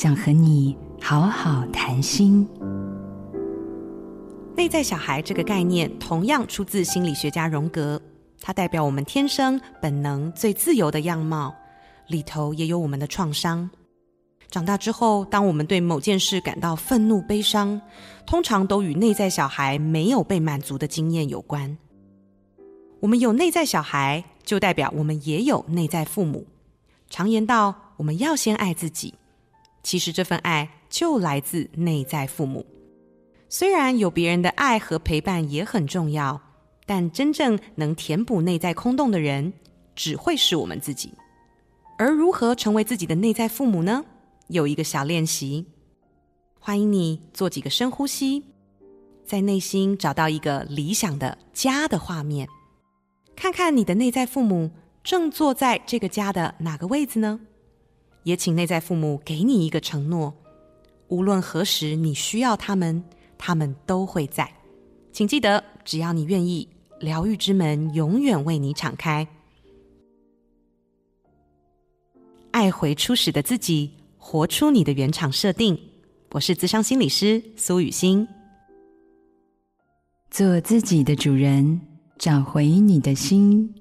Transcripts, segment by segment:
想和你好好談心。內在小孩這個概念同樣出自心理學家榮格，它代表我們天生本能最自由的樣貌，裡頭也有我們的創傷。長大之後，當我們對某件事感到憤怒、悲傷，通常都與內在小孩沒有被滿足的經驗有關。我們有內在小孩，就代表我們也有內在父母。常言道，我們要先愛自己。其實這份愛就來自內在父母，雖然有別人的愛和陪伴也很重要，但真正能填補內在空洞的人，只會是我們自己。而如何成為自己的內在父母呢？有一個小練習，歡迎你做幾個深呼吸，在內心找到一個理想的家的畫面，看看你的內在父母正坐在這個家的哪個位置呢？也請內在父母給你一個承諾：無論何時你需要他們，他們都會在。請記得，只要你願意，療癒之門永遠為你敞開。愛回初始的自己，活出你的原廠設定。我是諮商心理師蘇予昕，做自己的主人，找回你的心。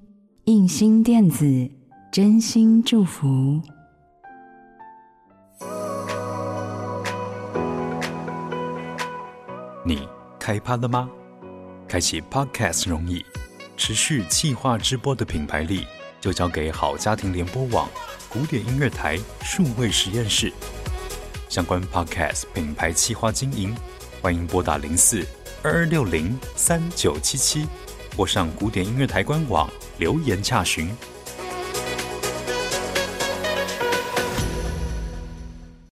映興電子真心祝福。你開拍了嗎？開啟 podcast 容易，持續企劃直播的品牌力就交給好家庭聯播網、古典音樂台、數位實驗室。相關 podcast 品牌企劃經營，歡迎撥打零四二二六零三九七七，或上古典音樂台官網留言洽詢。